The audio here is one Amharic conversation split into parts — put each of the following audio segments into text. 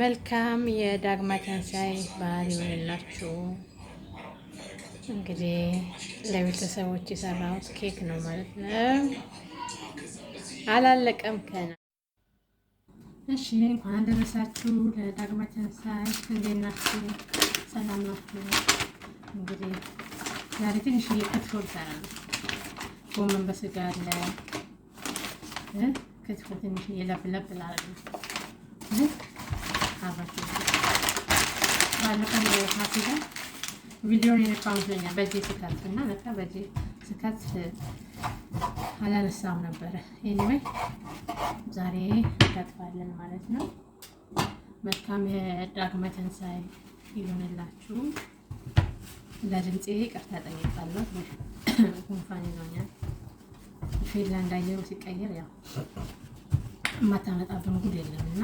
መልካም የዳግማ ትንሣኤ በዓል ይሆንላችሁ። እንግዲህ ለቤተሰቦች የሰራሁት ኬክ ነው ማለት ነው። አላለቀም ከና እሺ፣ እንኳን ደረሳችሁ ለዳግማ ትንሣኤ። እንዴት ናችሁ? ሰላም ናችሁ? እንግዲህ ዛሬ ትንሽ ክትፎ ልሰራ ነው። ጎመን በስጋ አለ። ክትፎ ትንሽ የለብለብ ላለ አብራችሁ ባለፈው ውሃ ሲሆን ቪዲዮን የነካው ይመስለኛል። በዚህ ስከት እና ለካ በዚህ ስከት አላነሳም ነበረ። ኤኒዌይ ዛሬ እንከትፋለን ማለት ነው። መልካም የዳግመ ትንሣኤ ይሆንላችሁ። ለድምፄ ይቅርታ ጠይቃለሁ። ጉንፋን ይዞኛል። ፊንላንድ አየሩ ሲቀየር ያው የማታመጣብን ጉድ የለም እና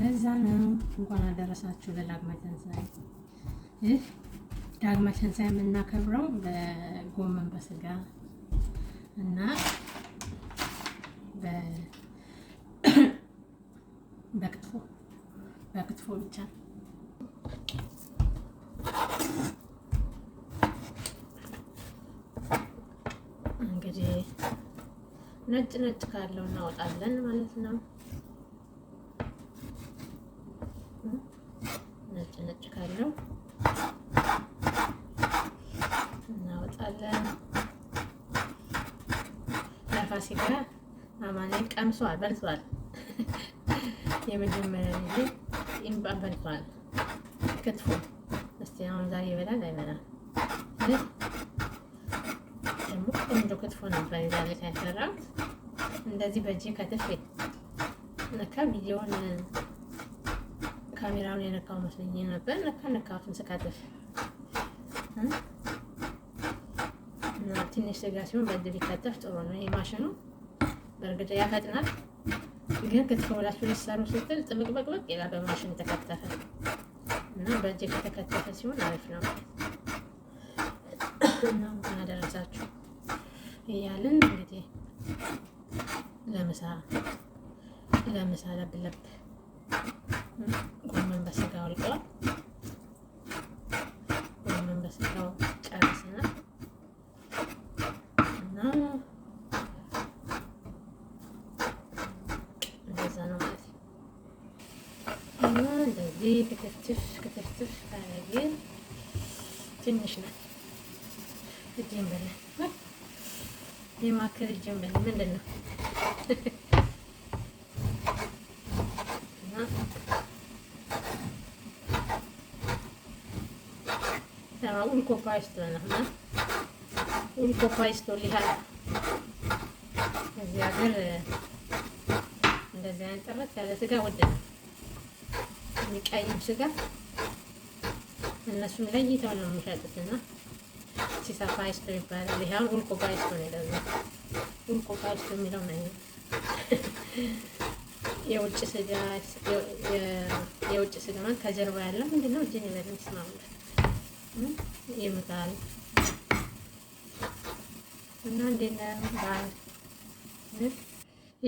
ለዛ ነው እንኳን አደረሳችሁ ለዳግመ ትንሣኤ። ይህ ዳግመ ትንሣኤ የምናከብረው በጎመን በስጋ እና በክትፎ በክትፎ ብቻ እንግዲህ ነጭ ነጭ ካለው እናወጣለን ማለት ነው። ቀምሷል፣ በልቷል። የመጀመሪያ ጊዜ በልቷል። ክትፎ እስቲ አሁን ዛሬ ይበላል አይበላል? ደግሞ ቆንጆ ክትፎ ነበር ዛሬ እንደዚህ በእጄ ከትፌ ነካ ቪዲዮን ካሜራውን የነካው መስለኝ ነበር። ነካ ስከትፍ ትንሽ ስጋ ሲሆን በእጅ ቢከተፍ ጥሩ ነው። ይህ ማሽኑ በእርግጥ ያፈጥናል። ግን ክትፎ ብላችሁ ልትሰሩ ስትል ጥብቅበቅበቅ ይላል። በማሽን የተከተፈ እና በእጅ የተከተፈ ሲሆን አሪፍ ነው። እና እንኳን አደረሳችሁ እያልን እንግዲህ ለምሳ ለምሳ ለብለብ ጎመን በስጋ ወልቀዋል። እንደዚህ ክትፍትፍ ክትፍትፍ አረግን። ትንሽ ናት። እጅን በላን የማክል እጅን በላን ምንድን ነው ኡልኮፓ ይስቶልሃል። እዚህ ሀገር እንደዚህ አይነት ጥረት ያለ ስጋ ወደ ነው ቀይ ስጋ እነሱም ለይተው ነው የሚሸጡትና ሲሳ ፓይስቶ ይባላል። ይሄ አሁን ሁልቆ ፓይስቶ ነው ይላሉ። ሁልቆ ፓይስቶ የሚለው ነው የውጭ ስጋ የውጭ ስጋ ማለት ከጀርባ ያለው ምንድነው? እጅን ይበላል ይስማማል ይምታል እና እንዴት ነው ባል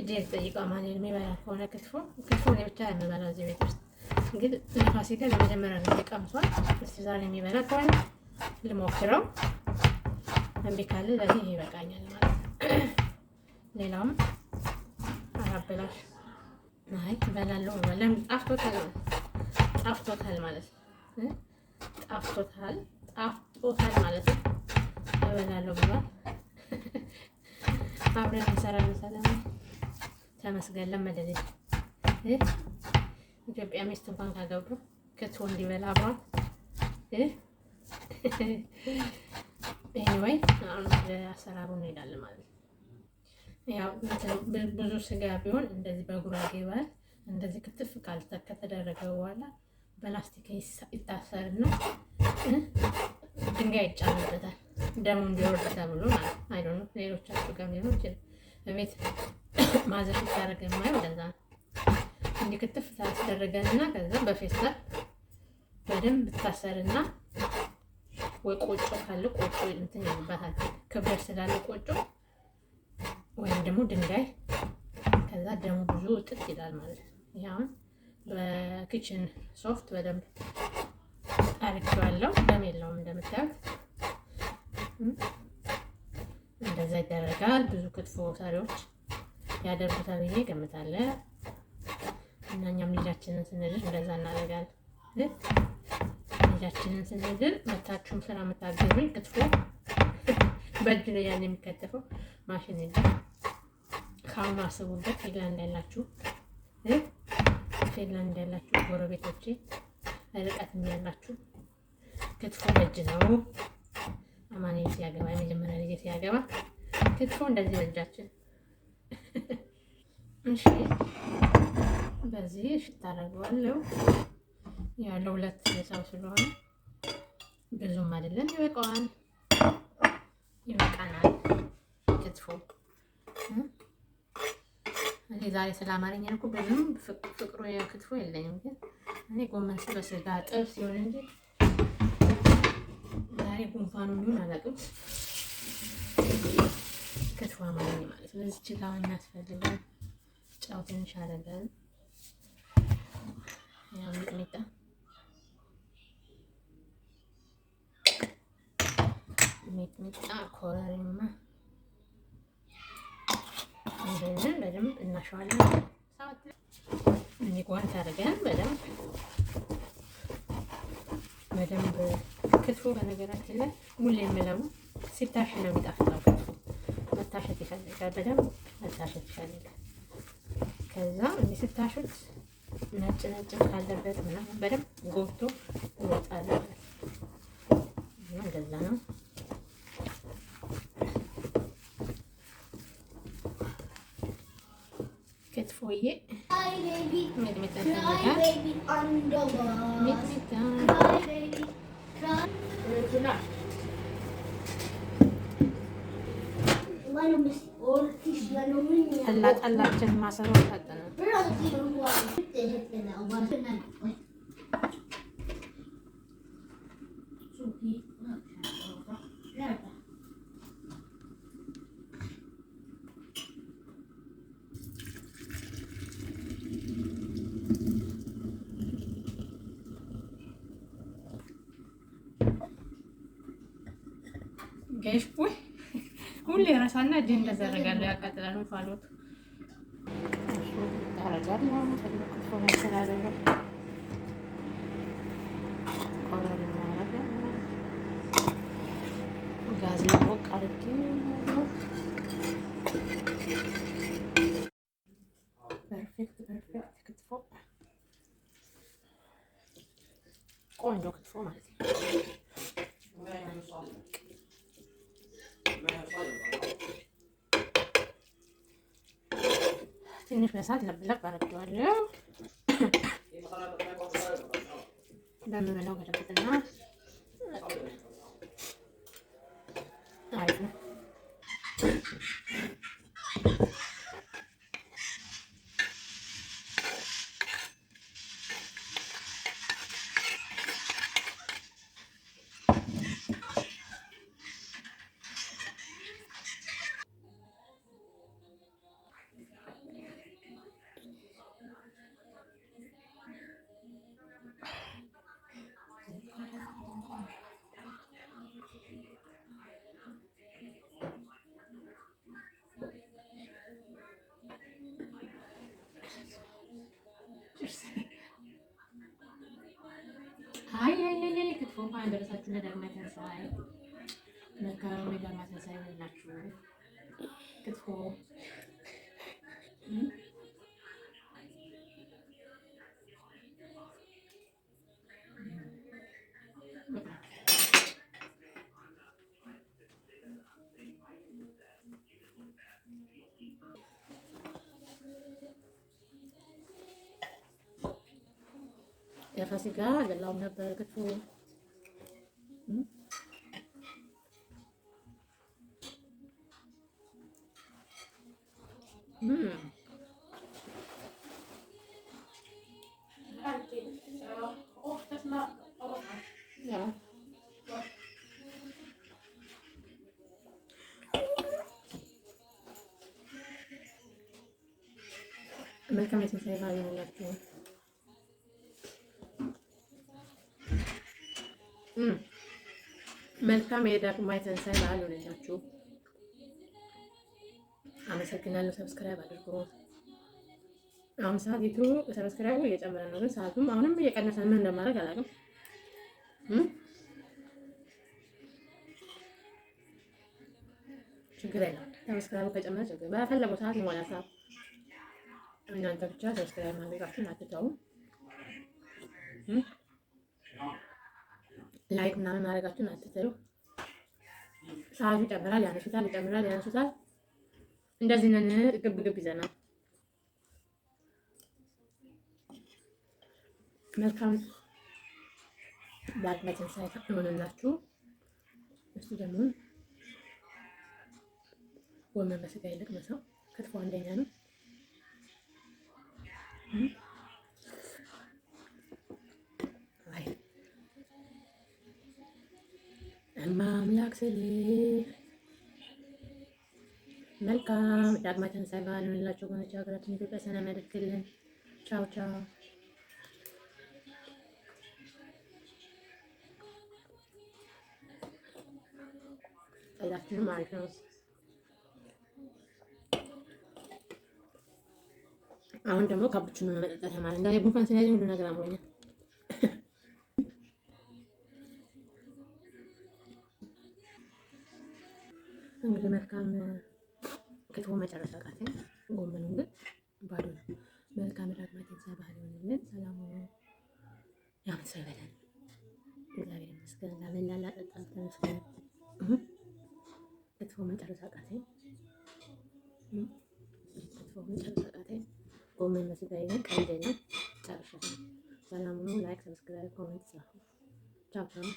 እጄን ጠይቀው ማን የሚበላ ከሆነ ክትፎ ክትፎ ነው ብቻ የምበላው እዚህ ቤት ውስጥ እንግዲህ ፋሲካ ለመጀመሪያ ጊዜ ቀምሷል። እስቲ ዛሬ የሚበላ ከሆነ ልሞክረው፣ እምቢ ካለ ለዚህ ይበቃኛል ማለት ነው። ሌላውም አራበላሽ አይ እበላለሁ ለምን ጣፍቶታል፣ ጣፍቶታል ማለት ጣፍቶታል፣ ጣፍቶታል ማለት ነው። እበላለሁ ብሏል። አብረን እንሰራ መሰለኝ። ተመስገን ለመደለኝ ኢትዮጵያ ሚስት እንኳን ካገቡ ክትፎ እንዲበላ አብሯል። ኤኒዌይ አሁን አሰራሩ እንሄዳለን ማለት ነው። ያው ብዙ ስጋ ቢሆን እንደዚህ በጉራጌ ባህል እንደዚህ ክትፍ ከተደረገ በኋላ በላስቲክ ይታሰርና ድንጋይ ይጫንበታል ደሙ እንዲወርድ ተብሎ ማለት አይ ዶንት ኖ ሌሎቻችሁ ጋር ሊሆን ይችላል። በቤት ማዘፍ ይታረግ የማየው እንደዛ ነው። ክትፍ ታስደረገና ከዛ በፌስታል በደንብ ታሰርና ወይ ቆጮ ካለ ቆጮ እንትን ይባታል ክብደት ስላለ ቆጮ ወይም ደግሞ ድንጋይ ከዛ ደግሞ ብዙ ጥጥ ይላል ማለት ነው። ይሁን በኪችን ሶፍት በደንብ አርጌዋለሁ። ደም የለውም እንደምታዩት እንደዛ ይደረጋል። ብዙ ክትፎ ሰሪዎች ያደርጉታል ብዬ ገምታለ። እና እኛም ልጃችንን ስንድር እንደዛ እናደርጋለን። ልጃችንን ስንድር መታችሁም ስራ የምታገዙኝ ክትፎ በእጅ ነው ያን የሚከተፈው ማሽን ይ ካሁኑ አስቡበት። ፊንላንድ ያላችሁ ፊንላንድ ያላችሁ ጎረቤቶቼ ርቀትም ያላችሁ ክትፎ በእጅ ነው። አማኔ ሲያገባ የመጀመሪያ ልጅ ሲያገባ ክትፎ እንደዚህ በእጃችን እሺ በዚህ ሽታ አደርገዋለሁ። ያው ለሁለት ሰው ስለሆነ ብዙም አይደለም፣ ይበቃዋል፣ ይበቃናል ክትፎ። እኔ ዛሬ ስለ አማርኛ እኮ ብዙም ፍቅሩ ክትፎ የለኝም፣ ግን እኔ ጎመን በስጋ ጥብስ ሲሆን እንጂ ዛሬ ጉንፋኑ ሊሆን አላውቅም። ክትፎ አማርኛ ማለት ነው። እዚች ጋር እናስፈልጋል ጫው ትንሽ አደረገን ሚጥሚጣ ሚጥሚጣ፣ ኮረሪማ እንደዚህ በደንብ እናሸዋለን። እንዲጓንት አድርገን በደንብ በደንብ ክትፎ በነገራችን ላይ ሙሌ የምለው ሲታሽ ነው የሚጣፍጠው። ክትፎ መታሸት ይፈልጋል፣ በደንብ መታሸት ይፈልጋል። ከዛ እንዲህ ስታሹት ነጭ ነጭ ካለበት ምናምን በደንብ ጎብቶ ወጣ አለበት እና እንደዛ ነው። ክትፎዬ ሚጥሚጣ ማሰሮ ታጠነ Çok ቦይ ሁሌ ረሳና እጄ እንደዘረጋለሁ ያቃጥላል። እንፋሎት መሰል ቆንጆ ክትፎ ማለት ነው። ትንሽ በሳት ለብለብ አድርጌዋለሁ። que nos que más. አይ አይ አይ ክትፎ እንኳን አደረሳችሁ ለዳግማይ ትንሣኤ መካሮኒ ለዳግማይ ትንሣኤ ይላችሁ ክትፎ Jag fast egal, wir om jag börjar zu. Hm? Hm. Ja. Men det kan vi inte säga varje år. መልካም የዳግማይ ትንሣኤ በዓል ሆነላችሁ። አመሰግናለሁ። ሰብስክራይብ አድርጉ። አሁን ሰዓት ዩቱብ ሰብስክራይቡ እየጨመረ ነው፣ ግን ሰዓቱም አሁንም እየቀነሰ ምን እንደማድረግ አላውቅም። ችግር የለም። ሰብስክራይቡ ከጨመረ ችግር በፈለገው ሰዓት ይሞላል። ሰዓት እናንተ ብቻ ሰብስክራይብ ማድረጋችሁን አትተውም። ላይክ ምናምን ማድረጋችሁን አትተሉ። ሰዓቱ ይጨምራል፣ ያነሱታል፣ ይጨምራል፣ ያነሱታል። እንደዚህ ነን፣ ግብ ግብ ይዘናል። መልካም በአቅመትን ሳይት ሆነላችሁ። እሱ ደግሞ ጎመን በስጋ ይልቅ መሰው ክትፎ አንደኛ ነው። እማምላክ ስል መልካም ዳግማይ ትንሣኤ በዓል ላቸው ጎኖች ሀገራችን ኢትዮጵያ ሰላም ያደርግልን። ቻው ቻው። ጠይቃችሁም አሪፍ ነው። አሁን ደግሞ ካፕቹኖ መጠጣት ማለት እንዳለ ጉንፋን ስለያዘኝ ሁሉ ነገር አሞኛል። መልካም ክትፎ መጨረሻ ቃተኝ። ጎመኑ ግን ባዶ ነው። መልካም ዳግማት የዛ ባህል ሆንልን። ሰላሙ ያምት ሰው ይበለን። እግዚአብሔር ይመስገን። ላበላ ላጠጣ ተመስገን። ክትፎ መጨረሻ ክትፎ መጨረሻ ጎመን ይሆን ነው። ጨርሻ ላይክ፣ ሰብስክራይብ፣ ጻፉ። ቻው ቻው